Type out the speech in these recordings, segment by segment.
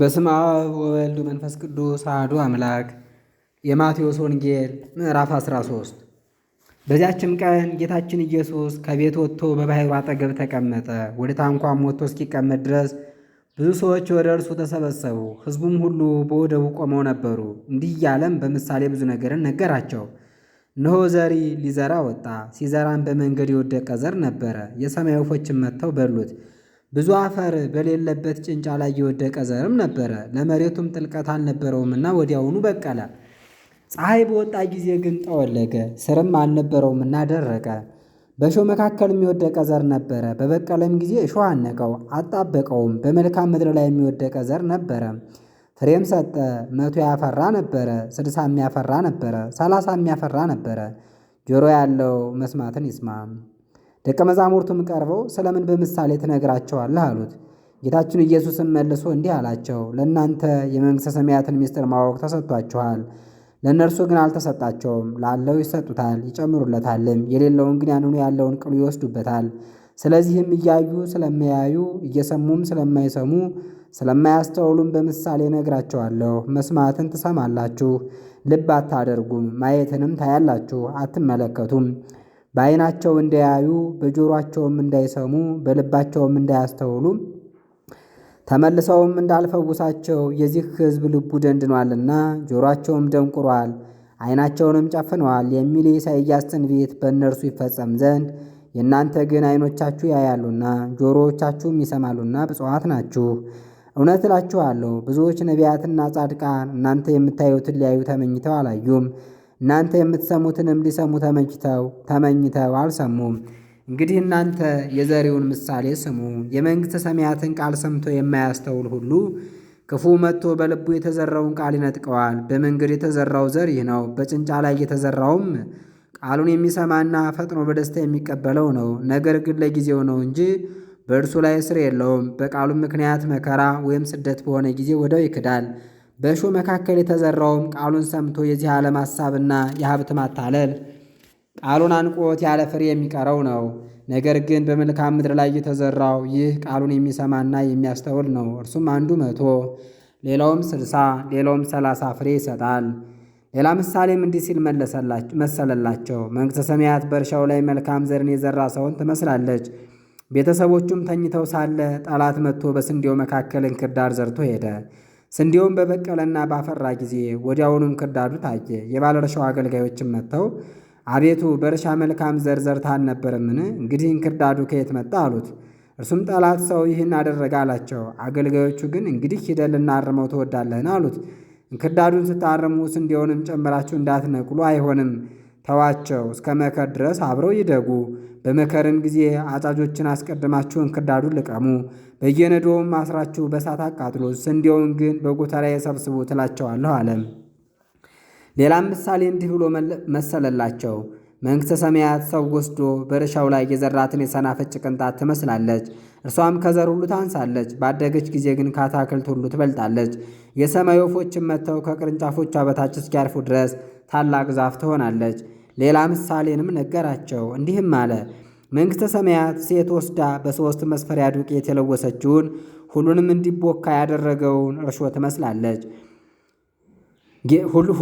በስመ አብ ወወልድ መንፈስ ቅዱስ አሐዱ አምላክ። የማቴዎስ ወንጌል ምዕራፍ 13። በዚያችም ቀን ጌታችን ኢየሱስ ከቤት ወጥቶ በባሕሩ አጠገብ ተቀመጠ። ወደ ታንኳም ወጥቶ እስኪቀመጥ ድረስ ብዙ ሰዎች ወደ እርሱ ተሰበሰቡ። ሕዝቡም ሁሉ በወደቡ ቆመው ነበሩ። እንዲህ እያለም በምሳሌ ብዙ ነገርን ነገራቸው። እነሆ ዘሪ ሊዘራ ወጣ። ሲዘራም በመንገድ የወደቀ ዘር ነበረ። የሰማይ ወፎችም መጥተው በሉት። ብዙ አፈር በሌለበት ጭንጫ ላይ የወደቀ ዘርም ነበረ። ለመሬቱም ጥልቀት አልነበረውምና ወዲያውኑ በቀለ። ፀሐይ በወጣ ጊዜ ግን ጠወለገ፣ ስርም አልነበረውምና ደረቀ። በእሾህ መካከል የሚወደቀ ዘር ነበረ። በበቀለም ጊዜ እሾህ አነቀው፣ አጣበቀውም። በመልካም ምድር ላይ የሚወደቀ ዘር ነበረ። ፍሬም ሰጠ፣ መቶ ያፈራ ነበረ፣ ስድሳ የሚያፈራ ነበረ፣ ሰላሳ የሚያፈራ ነበረ። ጆሮ ያለው መስማትን ይስማም። ደቀ መዛሙርቱም ቀርበው ስለምን በምሳሌ ትነግራቸዋለህ አሉት። ጌታችን ኢየሱስም መልሶ እንዲህ አላቸው፣ ለእናንተ የመንግሥተ ሰማያትን ምስጢር ማወቅ ተሰጥቷችኋል፣ ለእነርሱ ግን አልተሰጣቸውም። ላለው ይሰጡታል ይጨምሩለታልም፣ የሌለውን ግን ያንኑ ያለውን ቅሉ ይወስዱበታል። ስለዚህም እያዩ ስለማያዩ እየሰሙም ስለማይሰሙ ስለማያስተውሉም በምሳሌ ነግራቸዋለሁ። መስማትን ትሰማላችሁ፣ ልብ አታደርጉም። ማየትንም ታያላችሁ፣ አትመለከቱም በዓይናቸው እንዳያዩ በጆሮአቸውም እንዳይሰሙ በልባቸውም እንዳያስተውሉ ተመልሰውም እንዳልፈውሳቸው የዚህ ሕዝብ ልቡ ደንድኗልና ጆሮአቸውም ደንቁሯል፣ ዓይናቸውንም ጨፍነዋል የሚል የኢሳይያስ ትንቢት በእነርሱ ይፈጸም ዘንድ የእናንተ ግን ዓይኖቻችሁ ያያሉና ጆሮዎቻችሁም ይሰማሉና ብፁዓት ናችሁ። እውነት እላችኋለሁ ብዙዎች ነቢያትና ጻድቃን እናንተ የምታዩትን ሊያዩ ተመኝተው አላዩም እናንተ የምትሰሙትንም ሊሰሙ ተመኝተው ተመኝተው አልሰሙም። እንግዲህ እናንተ የዘሪውን ምሳሌ ስሙ። የመንግሥተ ሰማያትን ቃል ሰምቶ የማያስተውል ሁሉ ክፉ መጥቶ በልቡ የተዘራውን ቃል ይነጥቀዋል። በመንገድ የተዘራው ዘር ይህ ነው። በጭንጫ ላይ የተዘራውም ቃሉን የሚሰማና ፈጥኖ በደስታ የሚቀበለው ነው። ነገር ግን ለጊዜው ነው እንጂ በእርሱ ላይ ስር የለውም። በቃሉ ምክንያት መከራ ወይም ስደት በሆነ ጊዜ ወደው ይክዳል። በእሾህ መካከል የተዘራውም ቃሉን ሰምቶ የዚህ ዓለም ሐሳብና የሀብት ማታለል ቃሉን አንቆት ያለ ፍሬ የሚቀረው ነው። ነገር ግን በመልካም ምድር ላይ የተዘራው ይህ ቃሉን የሚሰማና የሚያስተውል ነው። እርሱም አንዱ መቶ ሌላውም ስልሳ ሌላውም ሰላሳ ፍሬ ይሰጣል። ሌላ ምሳሌም እንዲህ ሲል መሰለላቸው። መንግሥተ ሰማያት በእርሻው ላይ መልካም ዘርን የዘራ ሰውን ትመስላለች። ቤተሰቦቹም ተኝተው ሳለ ጠላት መጥቶ በስንዴው መካከል እንክርዳድ ዘርቶ ሄደ። ስንዴውን በበቀለና ባፈራ ጊዜ ወዲያውኑም ክርዳዱ ታየ። የባለእርሻው አገልጋዮችም መጥተው አቤቱ በእርሻ መልካም ዘር ዘርተህ አልነበረምን? እንግዲህ እንክርዳዱ ከየት መጣ አሉት። እርሱም ጠላት ሰው ይህን አደረገ አላቸው። አገልጋዮቹ ግን እንግዲህ ሂደን ልናርመው ትወዳለህን? አሉት። እንክርዳዱን ስታርሙ ስንዴውንም ጨምራችሁ እንዳትነቅሉ አይሆንም፣ ተዋቸው እስከ መከር ድረስ አብረው ይደጉ በመከርም ጊዜ አጫጆችን አስቀድማችሁ እንክርዳዱን ልቀሙ፣ በየነዶውም አስራችሁ በእሳት አቃጥሎ፣ ስንዴውን ግን በጎታ ላይ የሰብስቡ ትላቸዋለሁ አለ። ሌላም ምሳሌ እንዲህ ብሎ መሰለላቸው። መንግሥተ ሰማያት ሰው ወስዶ በእርሻው ላይ የዘራትን የሰናፍጭ ቅንጣት ትመስላለች። እርሷም ከዘር ሁሉ ታንሳለች፣ ባደገች ጊዜ ግን ከአታክልት ሁሉ ትበልጣለች። የሰማይ ወፎችን መጥተው ከቅርንጫፎቿ በታች እስኪያርፉ ድረስ ታላቅ ዛፍ ትሆናለች። ሌላ ምሳሌንም ነገራቸው፣ እንዲህም አለ። መንግሥተ ሰማያት ሴት ወስዳ በሦስት መስፈሪያ ዱቄት የለወሰችውን ሁሉንም እንዲቦካ ያደረገውን እርሾ ትመስላለች።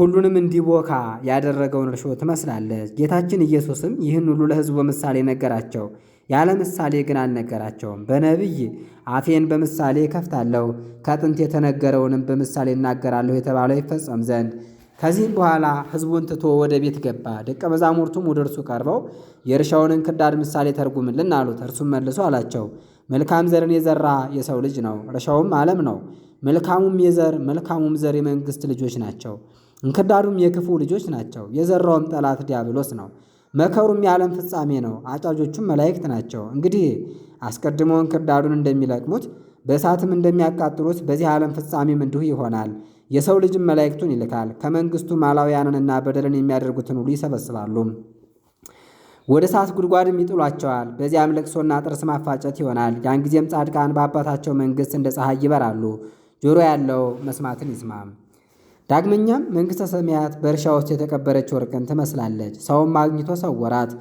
ሁሉንም እንዲቦካ ያደረገውን እርሾ ትመስላለች። ጌታችን ኢየሱስም ይህን ሁሉ ለሕዝቡ በምሳሌ ነገራቸው። ያለ ምሳሌ ግን አልነገራቸውም። በነቢይ አፌን በምሳሌ እከፍታለሁ፣ ከጥንት የተነገረውንም በምሳሌ እናገራለሁ የተባለው ይፈጸም ዘንድ ከዚህም በኋላ ሕዝቡን ትቶ ወደ ቤት ገባ። ደቀ መዛሙርቱም ወደ እርሱ ቀርበው የእርሻውን እንክርዳድ ምሳሌ ተርጉምልን አሉት። እርሱም መልሶ አላቸው፣ መልካም ዘርን የዘራ የሰው ልጅ ነው፣ እርሻውም ዓለም ነው። መልካሙም የዘር መልካሙም ዘር የመንግሥት ልጆች ናቸው። እንክርዳዱም የክፉ ልጆች ናቸው። የዘራውም ጠላት ዲያብሎስ ነው። መከሩም የዓለም ፍጻሜ ነው። አጫጆቹም መላእክት ናቸው። እንግዲህ አስቀድመው እንክርዳዱን እንደሚለቅሙት በእሳትም እንደሚያቃጥሉት በዚህ ዓለም ፍጻሜም እንዲሁ ይሆናል። የሰው ልጅም መላእክቱን ይልካል። ከመንግስቱ ማላውያንንና በደልን የሚያደርጉትን ሁሉ ይሰበስባሉ፣ ወደ እሳት ጉድጓድም ይጥሏቸዋል። በዚያም ለቅሶና ጥርስ ማፋጨት ይሆናል። ያን ጊዜም ጻድቃን በአባታቸው መንግስት እንደ ፀሐይ ይበራሉ። ጆሮ ያለው መስማትን ይስማም። ዳግመኛም መንግሥተ ሰማያት በእርሻ ውስጥ የተቀበረች ወርቅን ትመስላለች። ሰውም አግኝቶ ሰወራት።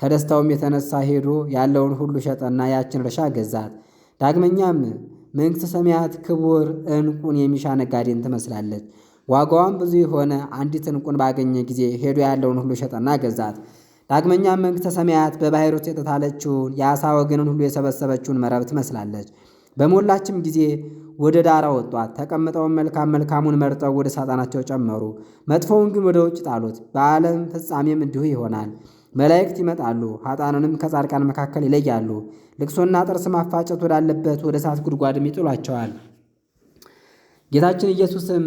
ከደስታውም የተነሳ ሄዶ ያለውን ሁሉ ሸጠና ያችን እርሻ ገዛት። ዳግመኛም መንግሥተ ሰማያት ክቡር ዕንቁን የሚሻ ነጋዴን ትመስላለች። ዋጋዋም ብዙ የሆነ አንዲት ዕንቁን ባገኘ ጊዜ ሄዶ ያለውን ሁሉ ሸጠና ገዛት። ዳግመኛም መንግሥተ ሰማያት በባሕር ውስጥ የተጣለችውን ወገንን ሁሉ የሰበሰበችውን መረብ ትመስላለች። በሞላችም ጊዜ ወደ ዳራ ወጧት ተቀምጠውን መልካም መልካሙን መርጠው ወደ ሳጣናቸው ጨመሩ፣ መጥፎውን ግን ወደ ውጭ ጣሉት። በዓለም ፍጻሜም እንዲሁ ይሆናል። መላእክት ይመጣሉ፣ ኃጣንንም ከጻድቃን መካከል ይለያሉ፣ ልቅሶና ጥርስ ማፋጨት ወዳለበት ወደ እሳት ጉድጓድም ይጥሏቸዋል። ጌታችን ኢየሱስም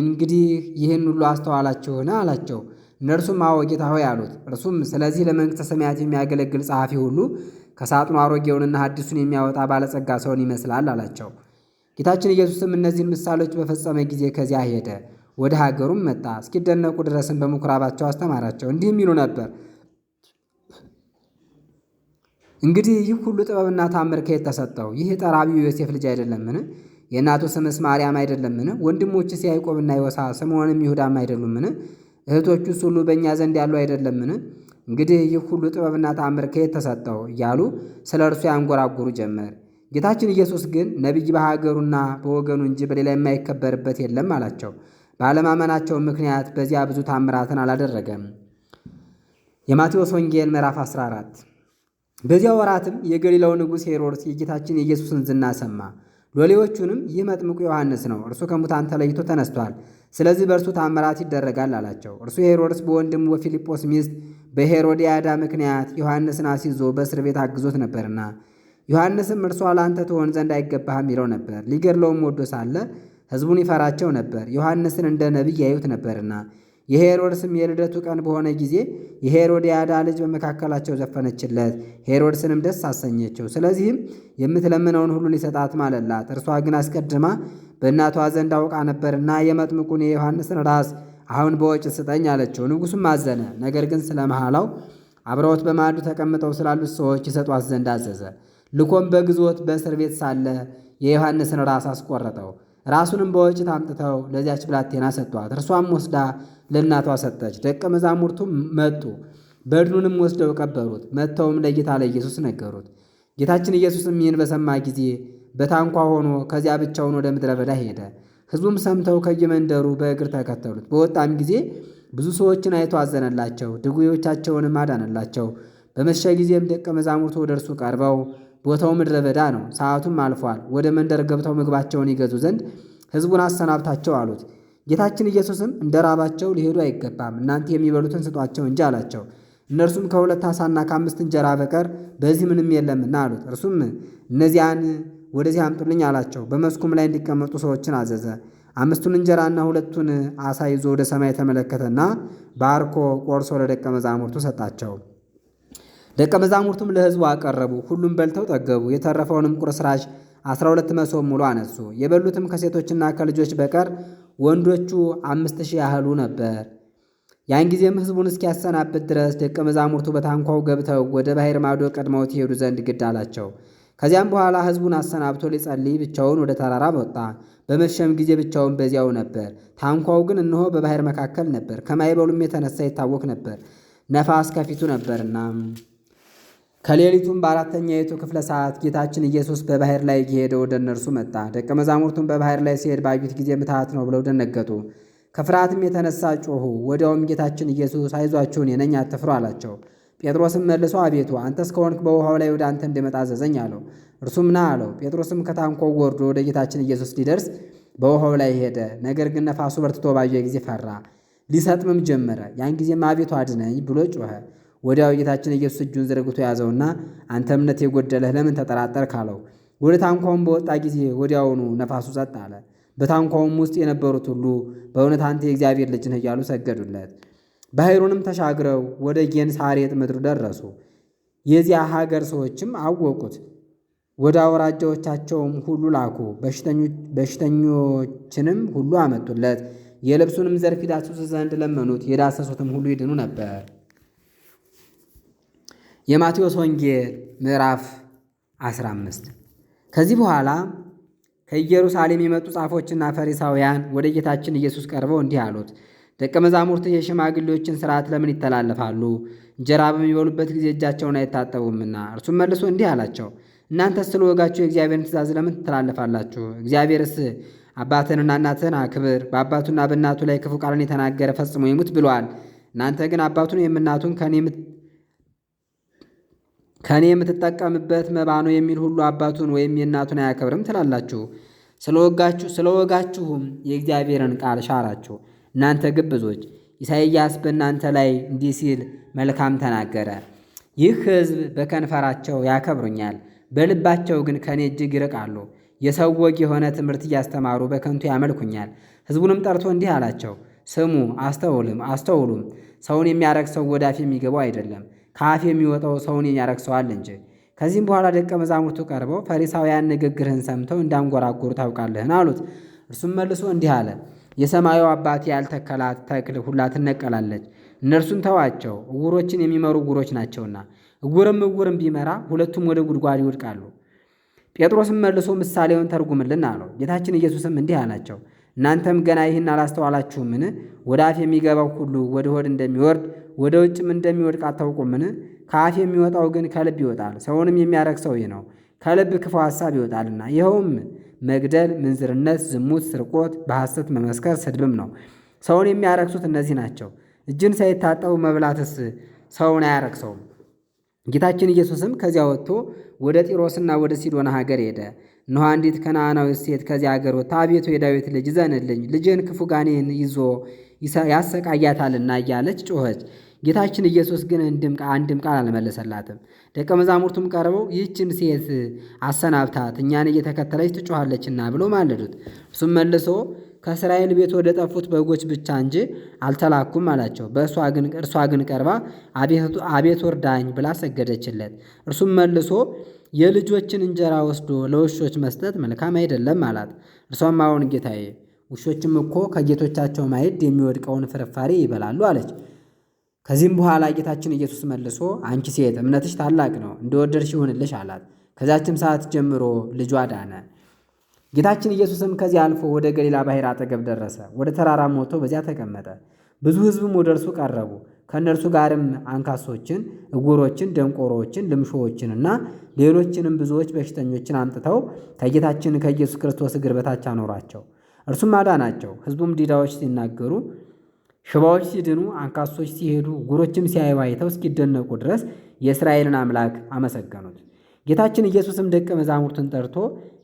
እንግዲህ ይህን ሁሉ አስተዋላችሁን? አላቸው። እነርሱም አዎ ጌታ ሆይ አሉት። እርሱም ስለዚህ ለመንግሥተ ሰማያት የሚያገለግል ጸሐፊ ሁሉ ከሳጥኑ አሮጌውንና አዲሱን የሚያወጣ ባለጸጋ ሰውን ይመስላል አላቸው። ጌታችን ኢየሱስም እነዚህን ምሳሌዎች በፈጸመ ጊዜ ከዚያ ሄደ፣ ወደ ሀገሩም መጣ። እስኪደነቁ ድረስም በምኩራባቸው አስተማራቸው። እንዲህም ይሉ ነበር እንግዲህ ይህ ሁሉ ጥበብና ታምር ከየት ተሰጠው? ይህ ጠራቢው ዮሴፍ ልጅ አይደለምን? የእናቱ ስምስ ማርያም አይደለምን? ወንድሞችስ ያዕቆብና ዮሳ፣ ስምዖንም ይሁዳም አይደሉምን? እህቶቹስ ሁሉ በእኛ ዘንድ ያሉ አይደለምን? እንግዲህ ይህ ሁሉ ጥበብና ታምር ከየት ተሰጠው? እያሉ ስለ እርሱ ያንጎራጉሩ ጀመር። ጌታችን ኢየሱስ ግን ነቢይ በሀገሩና በወገኑ እንጂ በሌላ የማይከበርበት የለም አላቸው። ባለማመናቸው ምክንያት በዚያ ብዙ ታምራትን አላደረገም። የማቴዎስ ወንጌል ምዕራፍ 14 በዚያ ወራትም የገሊላው ንጉሥ ሄሮድስ የጌታችን የኢየሱስን ዝና ሰማ። ሎሌዎቹንም ይህ መጥምቁ ዮሐንስ ነው፣ እርሱ ከሙታን ተለይቶ ተነስቷል፣ ስለዚህ በእርሱ ታምራት ይደረጋል አላቸው። እርሱ ሄሮድስ በወንድሙ በፊልጶስ ሚስት በሄሮድያዳ ምክንያት ዮሐንስን አስይዞ በእስር ቤት አግዞት ነበርና ዮሐንስም እርሷ ለአንተ ትሆን ዘንድ አይገባህም ይለው ነበር። ሊገድለውም ወዶ ሳለ ሕዝቡን ይፈራቸው ነበር፣ ዮሐንስን እንደ ነቢይ ያዩት ነበርና የሄሮድስም የልደቱ ቀን በሆነ ጊዜ የሄሮድያዳ ልጅ በመካከላቸው ዘፈነችለት፣ ሄሮድስንም ደስ አሰኘችው። ስለዚህም የምትለምነውን ሁሉ ሊሰጣት ማለላት። እርሷ ግን አስቀድማ በእናቷ ዘንድ አውቃ ነበርና የመጥምቁን የዮሐንስን ራስ አሁን በወጭ ስጠኝ አለችው። ንጉሱም አዘነ። ነገር ግን ስለ መሐላው አብረውት በማዕዱ ተቀምጠው ስላሉት ሰዎች ይሰጧት ዘንድ አዘዘ። ልኮም በግዞት በእስር ቤት ሳለ የዮሐንስን ራስ አስቆረጠው። ራሱንም በወጭት አምጥተው ለዚያች ብላቴና ሰጥቷት፣ እርሷም ወስዳ ለእናቷ ሰጠች። ደቀ መዛሙርቱ መጡ፣ በድኑንም ወስደው ቀበሩት። መጥተውም ለጌታ ለኢየሱስ ነገሩት። ጌታችን ኢየሱስም ይህን በሰማ ጊዜ በታንኳ ሆኖ ከዚያ ብቻውን ወደ ምድረ በዳ ሄደ። ሕዝቡም ሰምተው ከየመንደሩ በእግር ተከተሉት። በወጣም ጊዜ ብዙ ሰዎችን አይቶ አዘነላቸው፣ ድውዮቻቸውንም አዳነላቸው። በመሸ ጊዜም ደቀ መዛሙርቱ ወደ እርሱ ቀርበው ቦታው ምድረ በዳ ነው፣ ሰዓቱም አልፏል። ወደ መንደር ገብተው ምግባቸውን ይገዙ ዘንድ ሕዝቡን አሰናብታቸው አሉት። ጌታችን ኢየሱስም እንደ ራባቸው ሊሄዱ አይገባም፣ እናንተ የሚበሉትን ስጧቸው እንጂ አላቸው። እነርሱም ከሁለት ዓሣና ከአምስት እንጀራ በቀር በዚህ ምንም የለምና አሉት። እርሱም እነዚያን ወደዚህ አምጡልኝ አላቸው። በመስኩም ላይ እንዲቀመጡ ሰዎችን አዘዘ። አምስቱን እንጀራና ሁለቱን ዓሣ ይዞ ወደ ሰማይ ተመለከተና ባርኮ ቆርሶ ለደቀ መዛሙርቱ ሰጣቸው። ደቀ መዛሙርቱም ለሕዝቡ አቀረቡ። ሁሉም በልተው ጠገቡ። የተረፈውንም ቁርስራሽ አስራ ሁለት መሶብ ሙሉ አነሱ። የበሉትም ከሴቶችና ከልጆች በቀር ወንዶቹ አምስት ሺህ ያህሉ ነበር። ያን ጊዜም ሕዝቡን እስኪያሰናብት ድረስ ደቀ መዛሙርቱ በታንኳው ገብተው ወደ ባሕር ማዶ ቀድመውት ይሄዱ ዘንድ ግድ አላቸው። ከዚያም በኋላ ሕዝቡን አሰናብቶ ሊጸልይ ብቻውን ወደ ተራራ ወጣ። በመሸም ጊዜ ብቻውን በዚያው ነበር። ታንኳው ግን እነሆ በባሕር መካከል ነበር። ከማይበሉም የተነሳ ይታወክ ነበር፣ ነፋስ ከፊቱ ነበርና። ከሌሊቱም የቱ ክፍለ ሰዓት ጌታችን ኢየሱስ በባህር ላይ እየሄደ ወደ እነርሱ መጣ። ደቀ መዛሙርቱም በባህር ላይ ሲሄድ ባዩት ጊዜ ምትሃት ነው ብለው ደነገጡ። ከፍርሃትም የተነሳ ጮኹ። ወዲያውም ጌታችን ኢየሱስ አይዟችሁ እኔ አትፍሩ አላቸው። ጴጥሮስም መልሶ አቤቱ አንተ እስከሆንክ በውሃው ላይ ወደ አንተ እንድመጣ አዘዘኝ አለው። እርሱም ና አለው። ጴጥሮስም ከታንኮ ወርዶ ወደ ጌታችን ኢየሱስ ሊደርስ በውሃው ላይ ሄደ። ነገር ግን ነፋሱ በርትቶ ባየ ጊዜ ፈራ፣ ሊሰጥምም ጀመረ። ያን ጊዜም አቤቱ አድነኝ ብሎ ጮኸ። ወዲያው ጌታችን ኢየሱስ እጁን ዘርግቶ ያዘውና አንተ እምነት የጎደለህ ለምን ተጠራጠርክ አለው። ወደ ታንኳውም በወጣ ጊዜ ወዲያውኑ ነፋሱ ጸጥ አለ። በታንኳውም ውስጥ የነበሩት ሁሉ በእውነት አንተ የእግዚአብሔር ልጅ ነህ እያሉ ሰገዱለት። ባህሩንም ተሻግረው ወደ ጌንሳሬጥ ምድር ደረሱ። የዚያ ሀገር ሰዎችም አወቁት። ወደ አውራጃዎቻቸውም ሁሉ ላኩ። በሽተኞችንም ሁሉ አመጡለት። የልብሱንም ዘርፍ ይዳስሱ ዘንድ ለመኑት። የዳሰሱትም ሁሉ ይድኑ ነበር። የማቴዎስ ወንጌል ምዕራፍ 15 ከዚህ በኋላ ከኢየሩሳሌም የመጡ ጻፎችና ፈሪሳውያን ወደ ጌታችን ኢየሱስ ቀርበው እንዲህ አሉት። ደቀ መዛሙርት የሽማግሌዎችን ሥርዓት ለምን ይተላለፋሉ? እንጀራ በሚበሉበት ጊዜ እጃቸውን አይታጠቡምና። እርሱም መልሶ እንዲህ አላቸው፣ እናንተ ስለ ወጋችሁ የእግዚአብሔርን ትእዛዝ ለምን ትተላለፋላችሁ? እግዚአብሔርስ አባትንና እናትን አክብር፣ በአባቱና በእናቱ ላይ ክፉ ቃልን የተናገረ ፈጽሞ ይሙት ብሏል። እናንተ ግን አባቱን የምናቱን ከእኔ ከእኔ የምትጠቀምበት መባ ነው የሚል ሁሉ አባቱን ወይም የእናቱን አያከብርም ትላላችሁ። ስለወጋችሁም የእግዚአብሔርን ቃል ሻራችሁ እናንተ ግብዞች። ኢሳይያስ በእናንተ ላይ እንዲህ ሲል መልካም ተናገረ። ይህ ሕዝብ በከንፈራቸው ያከብሩኛል፣ በልባቸው ግን ከእኔ እጅግ ይርቃሉ። የሰው ወግ የሆነ ትምህርት እያስተማሩ በከንቱ ያመልኩኛል። ሕዝቡንም ጠርቶ እንዲህ አላቸው ስሙ አስተውልም አስተውሉም። ሰውን የሚያረክሰው ወደ አፍ የሚገባው አይደለም፣ ከአፍ የሚወጣው ሰውን ያረክሰዋል እንጂ። ከዚህም በኋላ ደቀ መዛሙርቱ ቀርበው ፈሪሳውያን ንግግርህን ሰምተው እንዳንጎራጎሩ ታውቃለህን አሉት። እርሱም መልሶ እንዲህ አለ፣ የሰማዩ አባቴ ያልተከላት ተክል ሁላ ትነቀላለች። እነርሱን ተዋቸው፣ እውሮችን የሚመሩ እውሮች ናቸውና። እውርም እውርም ቢመራ ሁለቱም ወደ ጉድጓድ ይወድቃሉ። ጴጥሮስም መልሶ ምሳሌውን ተርጉምልን አለው። ጌታችን ኢየሱስም እንዲህ አላቸው እናንተም ገና ይህን አላስተዋላችሁምን? ወደ አፍ የሚገባው ሁሉ ወደ ሆድ እንደሚወርድ ወደ ውጭም እንደሚወድቅ አታውቁምን? ከአፍ የሚወጣው ግን ከልብ ይወጣል። ሰውንም የሚያረክሰው ይህ ነው፣ ከልብ ክፉ ሐሳብ ይወጣልና፣ ይኸውም መግደል፣ ምንዝርነት፣ ዝሙት፣ ስርቆት፣ በሐሰት መመስከር፣ ስድብም ነው። ሰውን የሚያረክሱት እነዚህ ናቸው። እጅን ሳይታጠቡ መብላትስ ሰውን አያረክሰውም። ጌታችን ኢየሱስም ከዚያ ወጥቶ ወደ ጢሮስና ወደ ሲዶና ሀገር ሄደ። እነሆ አንዲት ከነዓናዊት ሴት ከዚያ አገር ወጥታ አቤቱ የዳዊት ልጅ እዘንልኝ፣ ልጄን ክፉ ጋኔን ይዞ ያሰቃያታልና እያለች ጮኸች። ጌታችን ኢየሱስ ግን አንድም ቃል አልመለሰላትም። ደቀ መዛሙርቱም ቀርበው ይህችን ሴት አሰናብታት፣ እኛን እየተከተለች ትጮኻለችና ብሎ ማለዱት። እሱም መልሶ ከእስራኤል ቤት ወደ ጠፉት በጎች ብቻ እንጂ አልተላኩም አላቸው። እርሷ ግን ቀርባ አቤት ወርዳኝ ብላ ሰገደችለት። እርሱም መልሶ የልጆችን እንጀራ ወስዶ ለውሾች መስጠት መልካም አይደለም አላት። እርሷም አሁን ጌታዬ፣ ውሾችም እኮ ከጌቶቻቸው ማዕድ የሚወድቀውን ፍርፋሪ ይበላሉ አለች። ከዚህም በኋላ ጌታችን ኢየሱስ መልሶ አንቺ ሴት እምነትሽ ታላቅ ነው፣ እንደወደድሽ ይሁንልሽ አላት። ከዚያችም ሰዓት ጀምሮ ልጇ ዳነ። ጌታችን ኢየሱስም ከዚያ አልፎ ወደ ገሊላ ባሕር አጠገብ ደረሰ። ወደ ተራራም ወጥቶ በዚያ ተቀመጠ። ብዙ ሕዝብም ወደ እርሱ ቀረቡ። ከእነርሱ ጋርም አንካሶችን፣ እውሮችን፣ ደንቆሮዎችን፣ ልምሾዎችንና ሌሎችንም ብዙዎች በሽተኞችን አምጥተው ከጌታችን ከኢየሱስ ክርስቶስ እግር በታች አኖሯቸው። እርሱም አዳናቸው። ሕዝቡም ዲዳዎች ሲናገሩ፣ ሽባዎች ሲድኑ፣ አንካሶች ሲሄዱ፣ እውሮችም ሲያዩ አይተው እስኪደነቁ ድረስ የእስራኤልን አምላክ አመሰገኑት። ጌታችን ኢየሱስም ደቀ መዛሙርቱን ጠርቶ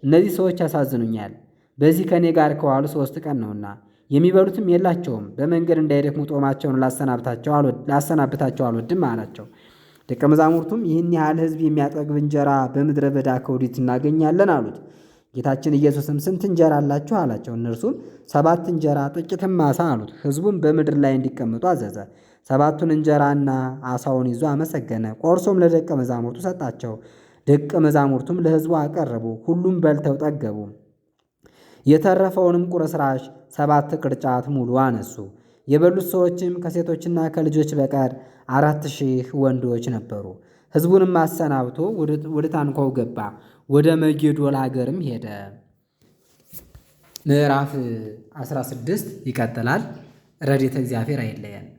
እነዚህ ሰዎች ያሳዝኑኛል፣ በዚህ ከእኔ ጋር ከዋሉ ሦስት ቀን ነውና የሚበሉትም የላቸውም፣ በመንገድ እንዳይደክሙ ጦማቸውን ላሰናብታቸው አልወድም አላቸው። ደቀ መዛሙርቱም ይህን ያህል ሕዝብ የሚያጠግብ እንጀራ በምድረ በዳ ከወዴት እናገኛለን አሉት። ጌታችን ኢየሱስም ስንት እንጀራ አላችሁ አላቸው። እነርሱም ሰባት እንጀራ ጥቂትም ዓሣ አሉት። ሕዝቡም በምድር ላይ እንዲቀመጡ አዘዘ። ሰባቱን እንጀራና ዓሣውን ይዞ አመሰገነ፣ ቆርሶም ለደቀ መዛሙርቱ ሰጣቸው። ደቀ መዛሙርቱም ለሕዝቡ አቀረቡ። ሁሉም በልተው ጠገቡ። የተረፈውንም ቁርስራሽ ሰባት ቅርጫት ሙሉ አነሱ። የበሉት ሰዎችም ከሴቶችና ከልጆች በቀር አራት ሺህ ወንዶች ነበሩ። ሕዝቡንም አሰናብቶ ወደ ታንኳው ገባ። ወደ መጌዶል አገርም ሄደ። ምዕራፍ 16 ይቀጥላል። ረድኤተ እግዚአብሔር አይለየን።